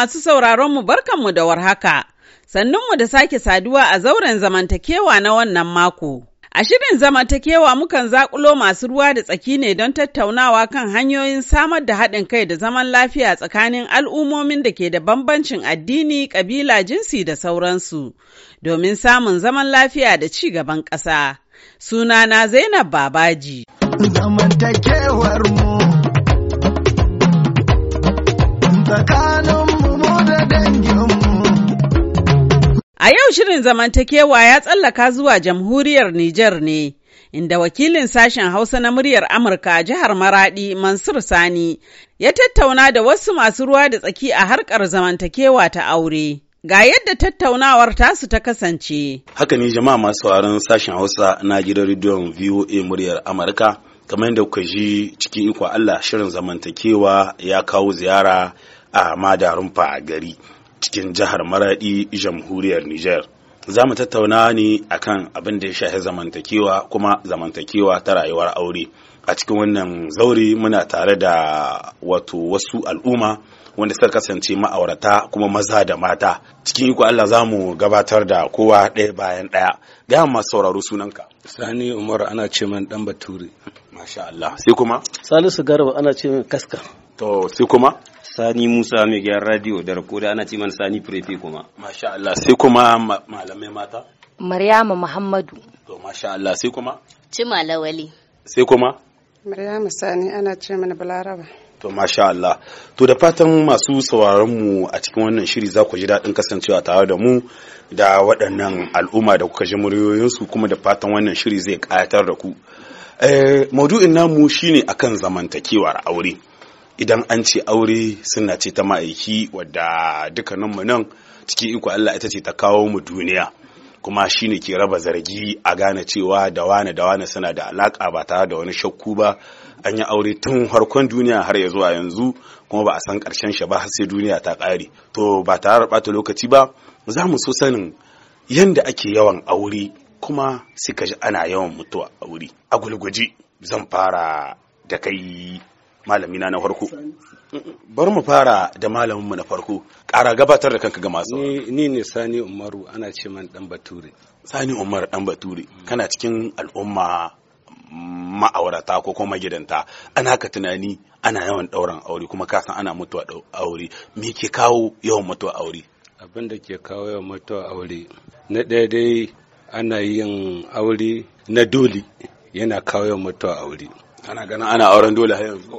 masu sauraron sauraronmu barkanmu da warhaka, sannunmu da sake saduwa a zauren zamantakewa na wannan mako. A shirin zamantakewa mukan zakulo masu ruwa da tsaki ne don tattaunawa kan hanyoyin samar da haɗin kai da zaman lafiya tsakanin al'ummomin da ke da bambancin addini, ƙabila, jinsi da sauransu, domin samun zaman lafiya da ci gaban ƙasa. Sunana Zainab Babaji. Zamantakewar A yau shirin zamantakewa ya tsallaka zuwa jamhuriyar Nijar ne, inda wakilin sashen Hausa na muryar Amurka jihar Maradi Mansur Sani ya tattauna da wasu masu ruwa da tsaki a harkar zamantakewa ta aure. Ga yadda tattaunawar tasu ta kasance. Haka ne jama'a masu sauraron sashen Hausa na gidan rediyon VOA muryar Amurka. kamar yadda kuka ji cikin iko Allah shirin zamantakewa ya kawo ziyara a a gari cikin jihar maradi jamhuriyar niger za mu tattauna ne akan abin da ya shafi zamantakewa kuma zamantakewa ta rayuwar aure a cikin wannan zaure muna tare da wato wasu al'umma wanda suka kasance ma'aurata kuma maza da mata cikin iko Allah za mu gabatar da kowa ɗaya bayan ɗaya gaya masu sauraro sunanka sani umar ana ce man dan bature masha Allah sai kuma Salisu Garba ana ce min kaska to sai kuma Sani Musa mai gyan radio da rakoda ana ce min Sani Prefe kuma masha Allah sai kuma malamai mata Maryama Muhammadu to masha Allah sai kuma Cima Lawali sai kuma Maryama Sani ana ce min Balaraba to masha Allah to da fatan masu sauraron mu a cikin wannan shiri za ku ji daɗin kasancewa tare da mu da waɗannan al'umma da kuka ji muryoyinsu kuma da fatan wannan shiri zai ƙayatar da ku Eh, maudu'in namu shine akan zamantakewar aure idan an ce aure suna ce ta ma'aiki wadda mu nan ciki iko Allah ita ce ta kawo mu duniya kuma shine ke raba zargi a gane cewa da wane da wane suna da alaka ba tare da wani shakku ba an yi aure tun harkon duniya har ya zuwa yanzu kuma ba a san karshen shi ba har sai duniya ta ƙare to ba tare da ɓata lokaci ba za mu so sanin yanda ake yawan aure kuma suka ji ana yawan mutuwa a wuri a gulgwaji zan fara da kai malamina na farko bar mu fara da malaminmu na farko ƙara gabatar da kanka ga masu ni ne sani umaru ana ce man dan bature sani umaru dan bature kana cikin al'umma ma'aurata ko kuma gidanta ana ka tunani ana yawan ɗauran aure kuma ka san ana mutuwa aure me ke kawo yawan mutuwa aure abin da ke kawo yawan mutuwa aure na ɗaya dai ana yin aure na doli yana kawo mutuwa aure ana ganin ana auren doli.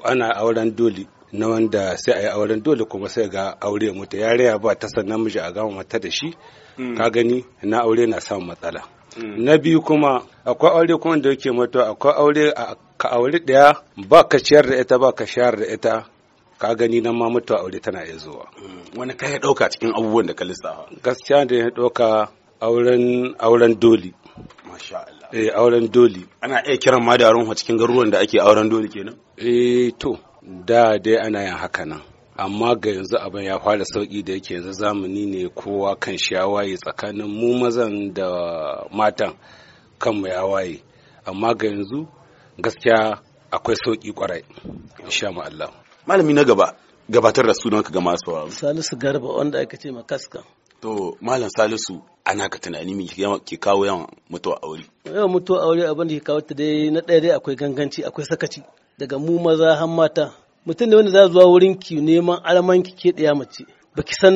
ana auren doli. na wanda sai a yi auren doli kuma sai ga aure ya mutu yariya ba ta sannan namiji a gama mata da shi mm. ka gani na aure na samun matsala mm. na biyu kuma akwai aure kuma da yake mutu akwai aure ka aure daya ba ka ciyar da ita ba ka shayar da ita ka gani nan ma mutuwa aure tana iya zuwa mm. wani ka ya dauka cikin abubuwan da ka lissafa gaskiya da ya dauka auren auren doli masha Allah eh auren doli ana iya kiran ma da ruwa cikin garuruwan da ake auren doli kenan eh to da dai ana yin haka nan amma ga yanzu abin ya fara sauki da yake yanzu zamani ne kowa kan shi ya waye tsakanin mu mazan da matan mu ya waye amma ga yanzu gaskiya akwai sauki kwarai insha Allah malami na gaba gabatar da sunanka ga masu Salisu Garba wanda aka ce makaskan. to malam Salisu ana ka tunani mai ke kawo yawan mutuwa aure yawan mutuwa aure abin da ke kawo ta dai na ɗaya dai akwai ganganci akwai sakaci daga mu maza har mata mutum ne wanda za zuwa wurin ki neman alaman ki ke ɗaya mace ki san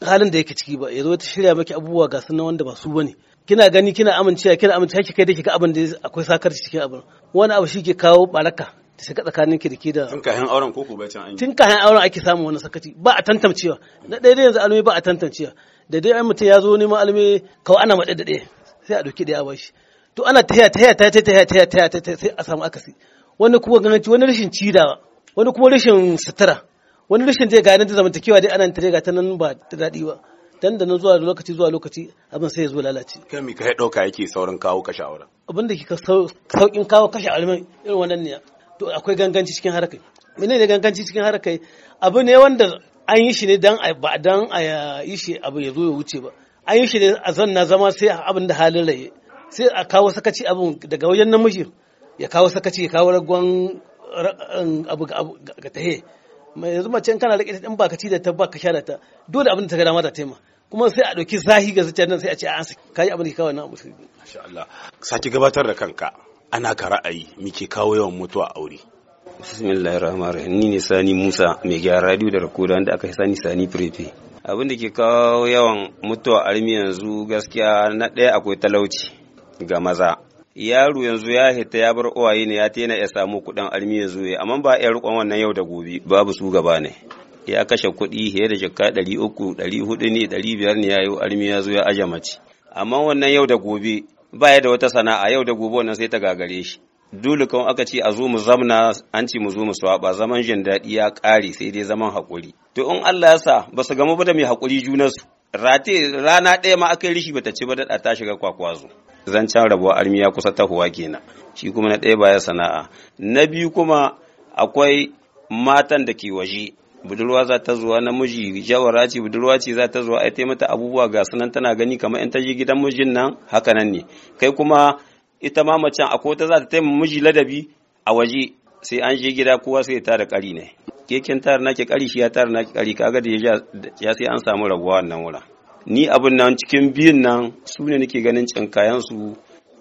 halin da yake ciki ba ya zo ta shirya maki abubuwa ga sunan wanda ba su bane kina gani kina amincewa kina amincewa ki kai da kika abin da akwai sakarci cikin abin wani abu shi ke kawo baraka ta shiga tsakanin ki da ke da tun kayan auren ko ko bai can an tun kayan auren ake samun wani sakaci ba a tantancewa na ɗaya da yanzu alumi ba a tantancewa da dai mutum ya zo neman almi kawai ana maɗe daɗe sai a ɗauki ɗaya ya bashi to ana taya taya taya taya taya taya taya sai a samu akasi wani kuma ganganci wani rashin cidawa wani kuma rashin sutura wani rashin zai gane da zamantakewa dai ana ta dai ta nan ba ta daɗi ba dan da nan zuwa lokaci zuwa lokaci abin sai ya zo lalace kai mi kai ɗauka yake saurin kawo kashe aure abin da kika saukin kawo kashe aure irin wannan ne to akwai ganganci cikin harakai menene ganganci cikin harakai? abu ne wanda an yi shi ne dan ba dan a yi shi abu ya zo ya wuce ba an yi shi ne a zan na zama sai abin da halin raye sai a kawo sakaci abin daga wajen namiji ya kawo sakaci ya kawo ragon um, abu ga tahe mai yanzu mace kana rike ta in baka ci da ta baka sha da ta dole abin da ta ga dama ta taima kuma sai a ɗauki zahi ga zuciya nan sai a ce an kayi abin da kawo na abu masha Allah saki gabatar da kanka ana ka ra'ayi muke kawo yawan mutuwa aure bismillahirrahmanirrahim ni ne sani musa mai gyara radio da rakoda wanda aka sani sani prefe abin da ke kawo yawan mutuwa armi yanzu gaskiya na ɗaya akwai talauci ga maza yaro yanzu ya hita ya bar uwaye ne ya tena ya samu kuɗin armi yanzu ya amma ba ya riƙon wannan yau da gobe babu su gaba ne ya kashe kuɗi ya da jaka ɗari uku ɗari hudu ne ɗari biyar ne ya yi armi ya zo ya aje mace amma wannan yau da gobe ba ya da wata sana'a yau da gobe wannan sai ta gagare shi dole kawai aka ce a zo mu zamna an ce mu zo mu saba zaman jin daɗi ya ƙare sai dai zaman haƙuri to in Allah ya sa ba su gama ba da mai haƙuri junansu rate rana ɗaya ma aka yi rishi bata ci ba daɗa ta shiga kwakwazo zancen rabuwa armiya kusa huwa kenan shi kuma na ɗaya baya sana'a na biyu kuma akwai matan da ke waje budurwa za ta zuwa namiji jawara ce budurwa ce za ta zuwa ai mata abubuwa ga sanan tana gani kamar in ta je gidan mijin nan haka nan ne kai kuma ita ma macen ko ta za ta taimaka miji ladabi a waje sai an je gida kowa sai ta da ƙari ne keken tara nake ƙari shi ya tara nake ƙari kaga da ya sai an samu rabuwa wannan wura ni abin nan cikin biyun nan su ne nake ganin cinkayen su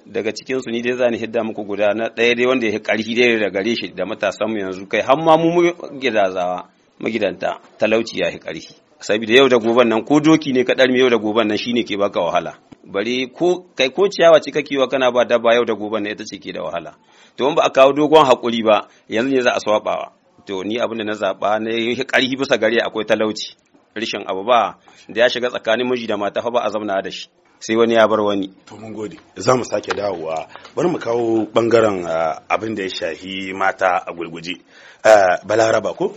daga cikin su ni dai zani hidda muku guda na ɗaya dai wanda ya ƙarfi dai da gare shi da matasan mu yanzu kai har ma mu gidazawa magidanta talauci ya yi ƙarfi saboda yau da goban nan ko doki ne ka ɗarmi yau da goban nan shine ke baka wahala bari ko kai ko ciyawa cika kake kana ba dabba yau da gobe ne ita ce ke da wahala to in ba a kawo dogon hakuri ba yanzu ne za a swabawa to ni abin da na zaba ne yi karhi bisa gare akwai talauci rishin abu ba da ya shiga tsakanin miji da mata fa ba a zauna da shi sai wani ya bar wani to mun gode za mu sake dawowa bari mu kawo bangaren ah, abin da ya shahi mata a gulguje ah, balaraba ko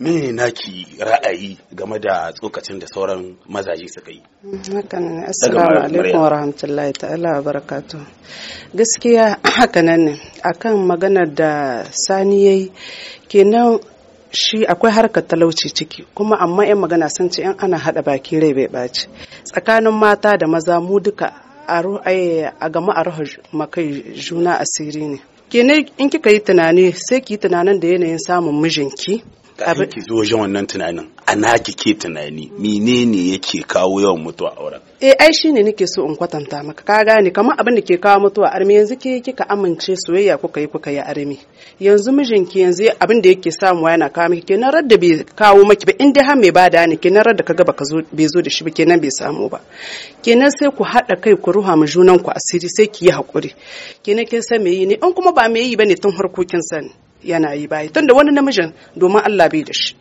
mene naki ra'ayi game da tsokacin da sauran mazaje suka yi hakan assalamu alaikum wa ta'ala barakatu gaskiya hakanan ne akan maganar da sani yayi kenan shi akwai harkar talauci ciki kuma amma 'yan magana sun ce 'yan ana hada baki rai bai ɓaci tsakanin mata da maza mu duka a gama a ruhu makai juna asiri ne kenai in kika yi tunani sai ki yi tunanin da yanayin samun mijinki kafin ki zo wajen wannan tunanin ana kike tunani menene yake kawo yawan mutuwa a wurin eh ai shine nake so in kwatanta maka ka gane kamar abin da ke kawo mutuwa arme yanzu ke kika amince soyayya kuka yi kuka yi arme yanzu mijinki yanzu abin da yake samu yana kawo miki kenan radda bai kawo maki ba in dai har mai bada ne kenan radda kaga baka zo bai zo da shi ba kenan bai samu ba kenan sai ku hada kai ku ruha mu junan ku asiri sai ki yi hakuri kenan kin san me yi ne in kuma ba me yi bane tun harkokin sani yana yi bayi da wani namijin domin Allah bai da shi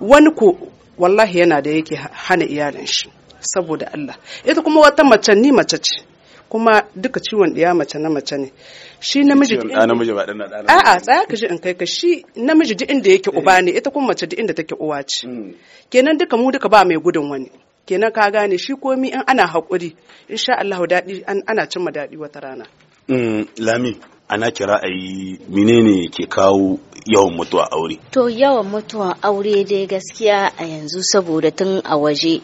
wani ko wallahi yana da yake hana iyalin shi saboda Allah ita kuma wata mace ni mace ce kuma duka ciwon ya mace na mace ne shi namiji namiji ba dan a'a tsaya ka ji in kai ka shi namiji duk inda yake uba ne ita kuma mace duk inda take uwa ce mm. kenan duka mu duka ba mai gudun wani kenan ka gane shi komi in ana hakuri insha Allah daɗi ana cimma daɗi wata rana mm, lami ana kira a yi menene ke kawo yawan mutuwa aure to yawan mutuwa aure dai gaskiya a yanzu saboda tun a waje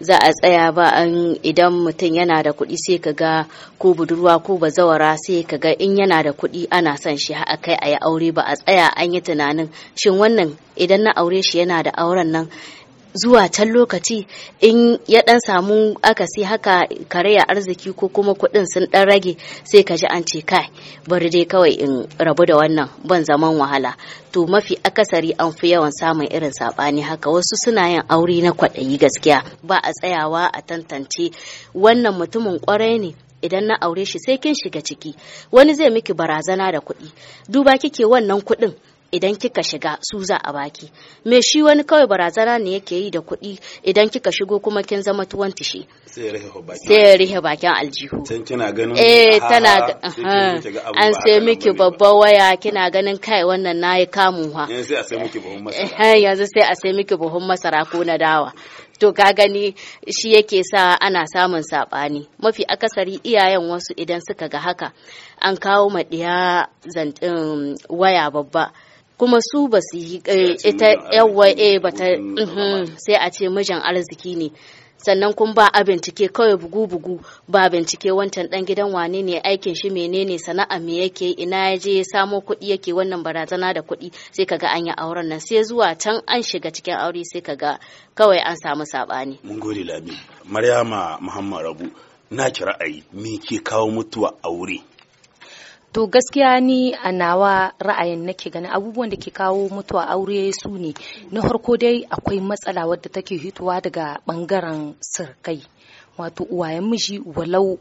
za a tsaya ba an idan mutum yana da kuɗi sai ka ga ko budurwa ko bazawara sai ka ga in yana da kuɗi ana son shi a kai a yi aure ba a tsaya an yi tunanin shin wannan idan na aure shi yana da auren nan zuwa can lokaci in ya dan samu akasi haka karaya arziki ko kuma kuɗin sun dan rage sai ka ji an ce kai bari dai kawai in rabu da wannan ban zaman wahala to mafi akasari an fi yawan samun irin sabani haka wasu suna yin aure na kwaɗayi gaskiya ba a tsayawa a tantance wannan mutumin kwarai ne idan na aure shi sai kin shiga ciki wani zai miki barazana da kuɗi duba kike wannan kuɗin idan kika shiga su za a baki me shi wani kawai barazana ne yake yi da kuɗi idan kika shigo kuma kin zama tuwon tishi sai ya rihe bakin aljihu kina ganin eh tana eh, an sai miki babban waya kina ganin kai wannan nayi kamun eh, ha eh, yanzu sai a sai miki buhun masara ko na dawa to ka gani shi yake sa ana samun sabani mafi akasari iyayen wasu idan suka ga haka an kawo maɗiya um, waya babba kuma su ba su yi eh, ita yawa eh, mhm, ba bata sai a ce mijin arziki ne sannan kun ba a bincike kawai bugu-bugu ba bincike wancan dan gidan wane ne aikin shi menene sana'a me yake ina ya je ya samo kuɗi yake wannan barazana da kuɗi sai kaga an yi auren nan sai zuwa can an shiga cikin aure sai kaga kawai an samu sabani mun gode labi maryama muhammad rabu na ki ra'ayi me ke kawo mutuwa aure to gaskiya ni a nawa ra'ayin nake ganin abubuwan da ke kawo mutuwa aure su ne na farko dai akwai matsala wadda take hitowa daga bangaren sirkai wato uwayen miji walau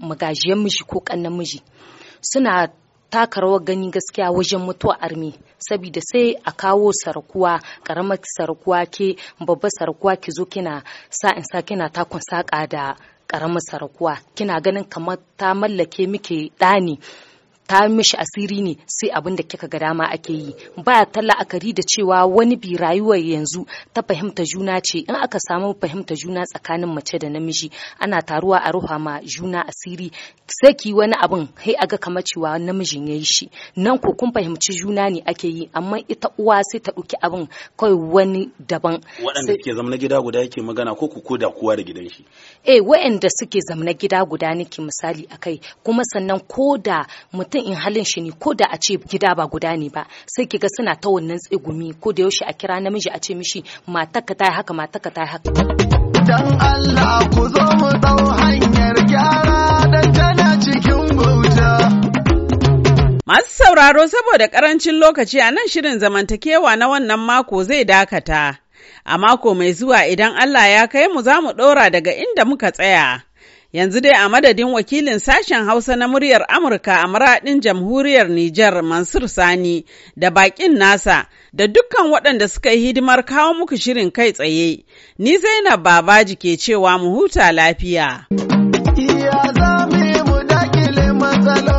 magajiyan miji ko kannan miji suna taka rawar gani gaskiya wajen mutuwa armi saboda sai a kawo sarkuwa karamar sarkuwa ke babbar sarkuwa ki zo kina sa in sa kina takon saƙa da karamar sarkuwa kina ganin kamar ta mallake miki ɗani ta mishi asiri ne sai abin da kika ga dama ake yi ba ta la'akari da cewa wani bi rayuwar yanzu ta fahimta juna ce in aka samu fahimta juna tsakanin mace da namiji ana taruwa a ruha ma juna asiri sai ki wani abin sai aga kamar cewa namijin yayi shi nan ko kun fahimci juna ne ake yi amma ita uwa sai ta ɗauki abin kai wani daban waɗanda ke zama gida guda yake magana ko ku koda kowa da gidan shi eh waɗanda suke zama gida guda nake misali akai kuma sannan koda mutum mutum in halin shi ne ko da a ce gida ba guda ne ba sai kiga suna ta wannan tsegumi, ko da yaushe a kira namiji a ce mishi ka ta haka ka ta haka dan Allah ku zo mu dau hanyar gyara dan tana cikin bauta Masu sauraro saboda karancin lokaci a nan shirin zamantakewa na wannan mako zai dakata. A mako mai zuwa idan Allah ya kai mu za mu ɗora daga inda muka tsaya. Yanzu dai a madadin wakilin sashen Hausa na muryar Amurka a maradin jamhuriyar Nijar Mansur Sani da bakin nasa da dukkan waɗanda suka yi hidimar kawo muku shirin kai tsaye. Ni Zainab Babaji ke cewa mu huta lafiya. Iya za